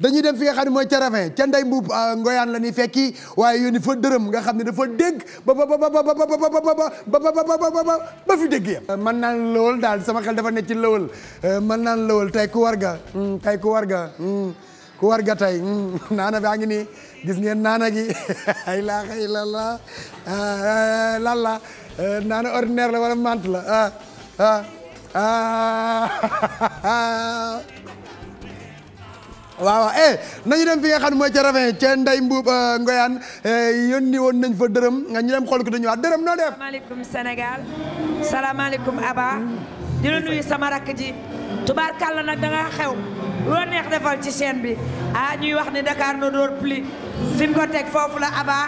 dañuy dem fi nga xam ne mooy ca Ndey Mbuub Ngoyaan la ñuy fekki waaye yónni fa dërëm nga xam ne dafa dégg ba ba ba ba ba ba ba ba ba ba ba fi dégg yam man naan lawal daal sama xel dafa ne ci lawal man naan lawal tey ku war ga tey ku war ga ku war ga tey naana baa ngi nii gis ngeen naana gi ay laa xëy la la lan la naana ordinaire la la ah waaw waaw na eh, nañu dem fi nga xam ne mooy ca Ravin ca Ndey Mbuub euh, Ngoyaan eh, yónni woon nañ fa dërëm nga ñu dem xool ko dañu wax dërëm noo def. salaamaaleykum Sénégal salaamaaleykum Aba di la nuyu sama rakk ji tubaarkàlla nag da nga xew loo neex defal ci chaîne bi ah ñuy wax ni Dakar ne dort plus fi mu ko teg foofu la Aba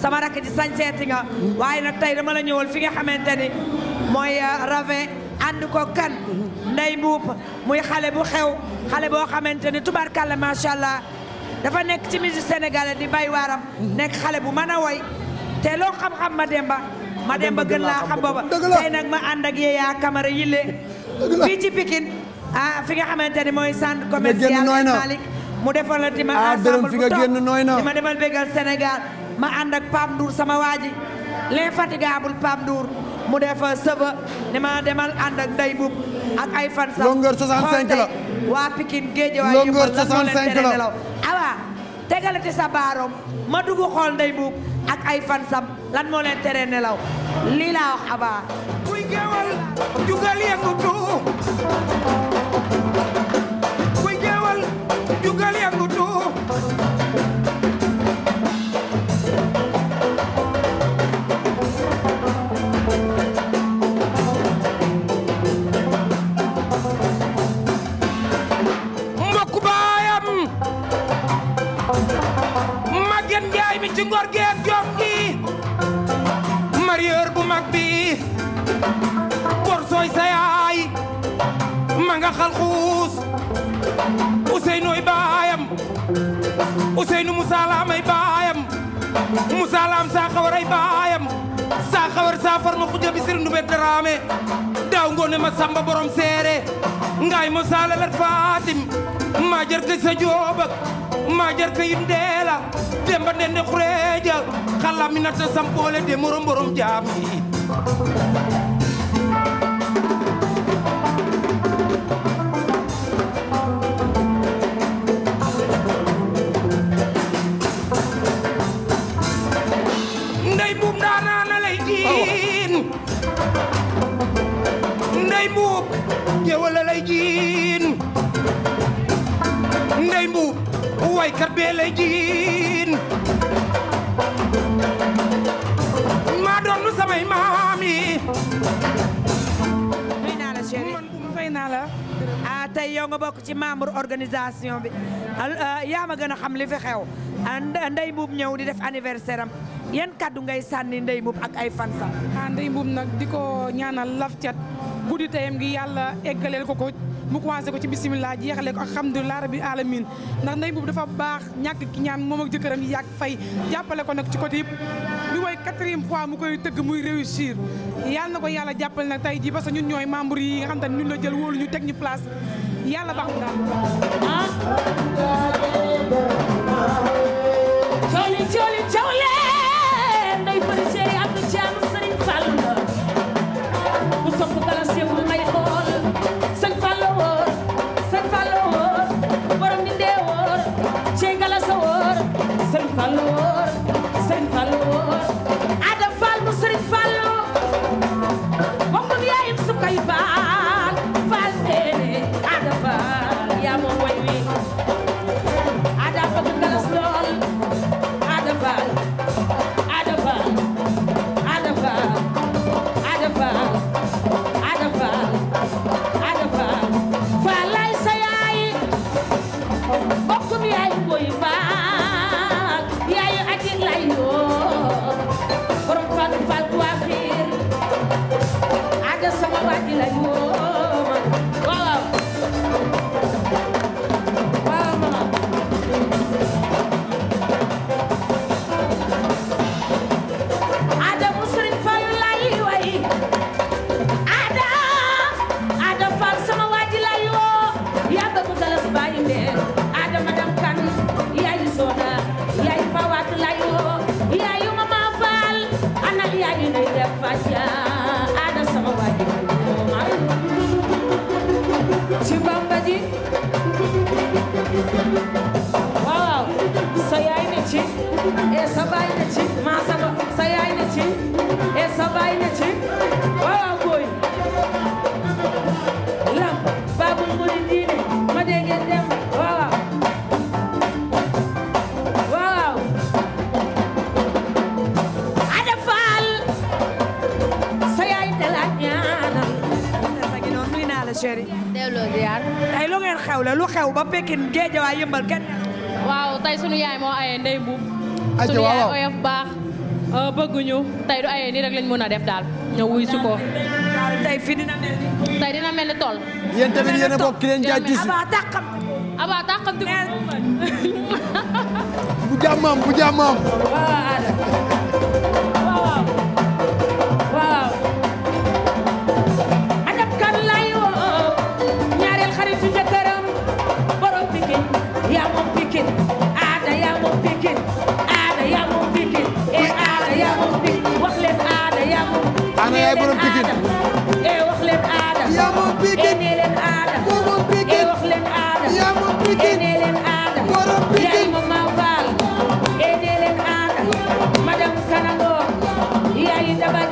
sama rakk ji sañseeti nga hmm. waaye nag tey dama la ñëwal fi nga xamante ni mooy euh, Ravin. ànd ko kan nday muy xale bu xew xale boo xamante ni tubarkalla macha allah dafa nekk ci musique sénégalais di bay waaram nekk xale bu mën a woy te loo xam-xam ma demba ma demba gën laa xam booba tey nag ma ànd ak Yaya Camara yille fii ci Pikine ah fi nga xamante ni mooy sant centre commercial Malick mu defal la di ma ah, ensemble bu toog di ma demal bégal Sénégal ma ànd ak Pape Ndour sama waaji l'infatigable Pape Ndour mu def sëba ne ma demal ànd ak day bub ak ay fan sax longueur 65 la waa Pikine géej waay longueur 65 la awa tegalati sa baaroom ma dugg ndey buub ak ay fansam lan moo leen tere nelaw lii laa abaa kuy géwal jugal yëngutu ngor geeg jom gi marieur bu mag bi bor sooy sa yaay ma nga xal xuus Ousseynou baayam Ousseynou Moussa Lam ay baayam Moussa Lam saa xawar ay baayam saa xawar saa far ma xuja bi sir ndube daraame daaw ngoone ma samba borom seere ngaay mo saala lat fatim maa jër gëj sa joobak maajar kayit ndeela demba ndende xureeja xala mi nata sampoole de morom borom jaam ndey buub ndaanaana lay jiin ndey buub gewala lay jiin ndey buub waykat bee lay jiin maa doon nu samay maam yi fay naa la chéri fay ah, yow nga bokk ci membre organisation bi ah, yaa ma gën a xam li fi xew ah, ndey buub ñëw di def anniversaire yan kàddu ngay sànni ndey buub ak ay fan sax ah ndey nag di ko ñaanal laf cat guddi tayam gi yàlla eggaleel ko ko mu commencé ko ci bisimilah jeexale ko ak alhamdulilah rabbil alamin ndax ndey boobu dafa baax ñàkk ki ñaan moom ak jëkkëram yi yàgg fay jàppale ko nag ci côté yëpp bi mooy quatrième fois mu koy tëgg muy réussir yàlla na ko yàlla jàppale nag tey ji parce que ñun ñooy membre yi nga xam te ne la jël wóolu ñu teg ñu place yàlla baax na daal ndey fari chéri Abdou Thiam Serigne Fall la bu sopp yaayu mama faal ana yaayu nay def fasha ana sama waaji ci bamba ji waaw sa yaay ne ci e sa baay ne ci maa sa sa yaay ne ci e sa baay ne ci waaw xew la lu xew ba Pekin géejawaay yëmbal kenn. waaw tey sunu yaay moo aye ndey mbuub. sunu oyof baax. Euh, bëgguñu tey du aye nii rek lañ mën a def daal ñëw wuy su ko. tey fii dina mel ni. tey tamit yéen a bokk leen jaajëf si. bu jàmmam bu moom Pikine ene leen aada moom Pikine e wax leen aada yaa moom Pikine ene leen aada yaay moom maa faal ene leen aada madame Kanangoor yaayi Daba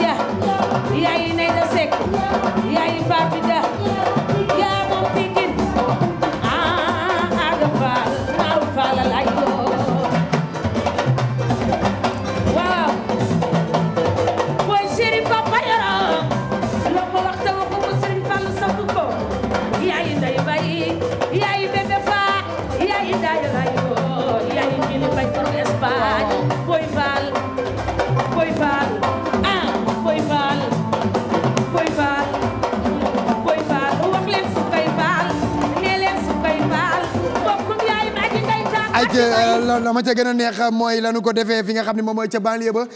Euh, la ma ca gën a neex mooy lanu ko defee fi nga xam ne moom mooy ca banlieue ba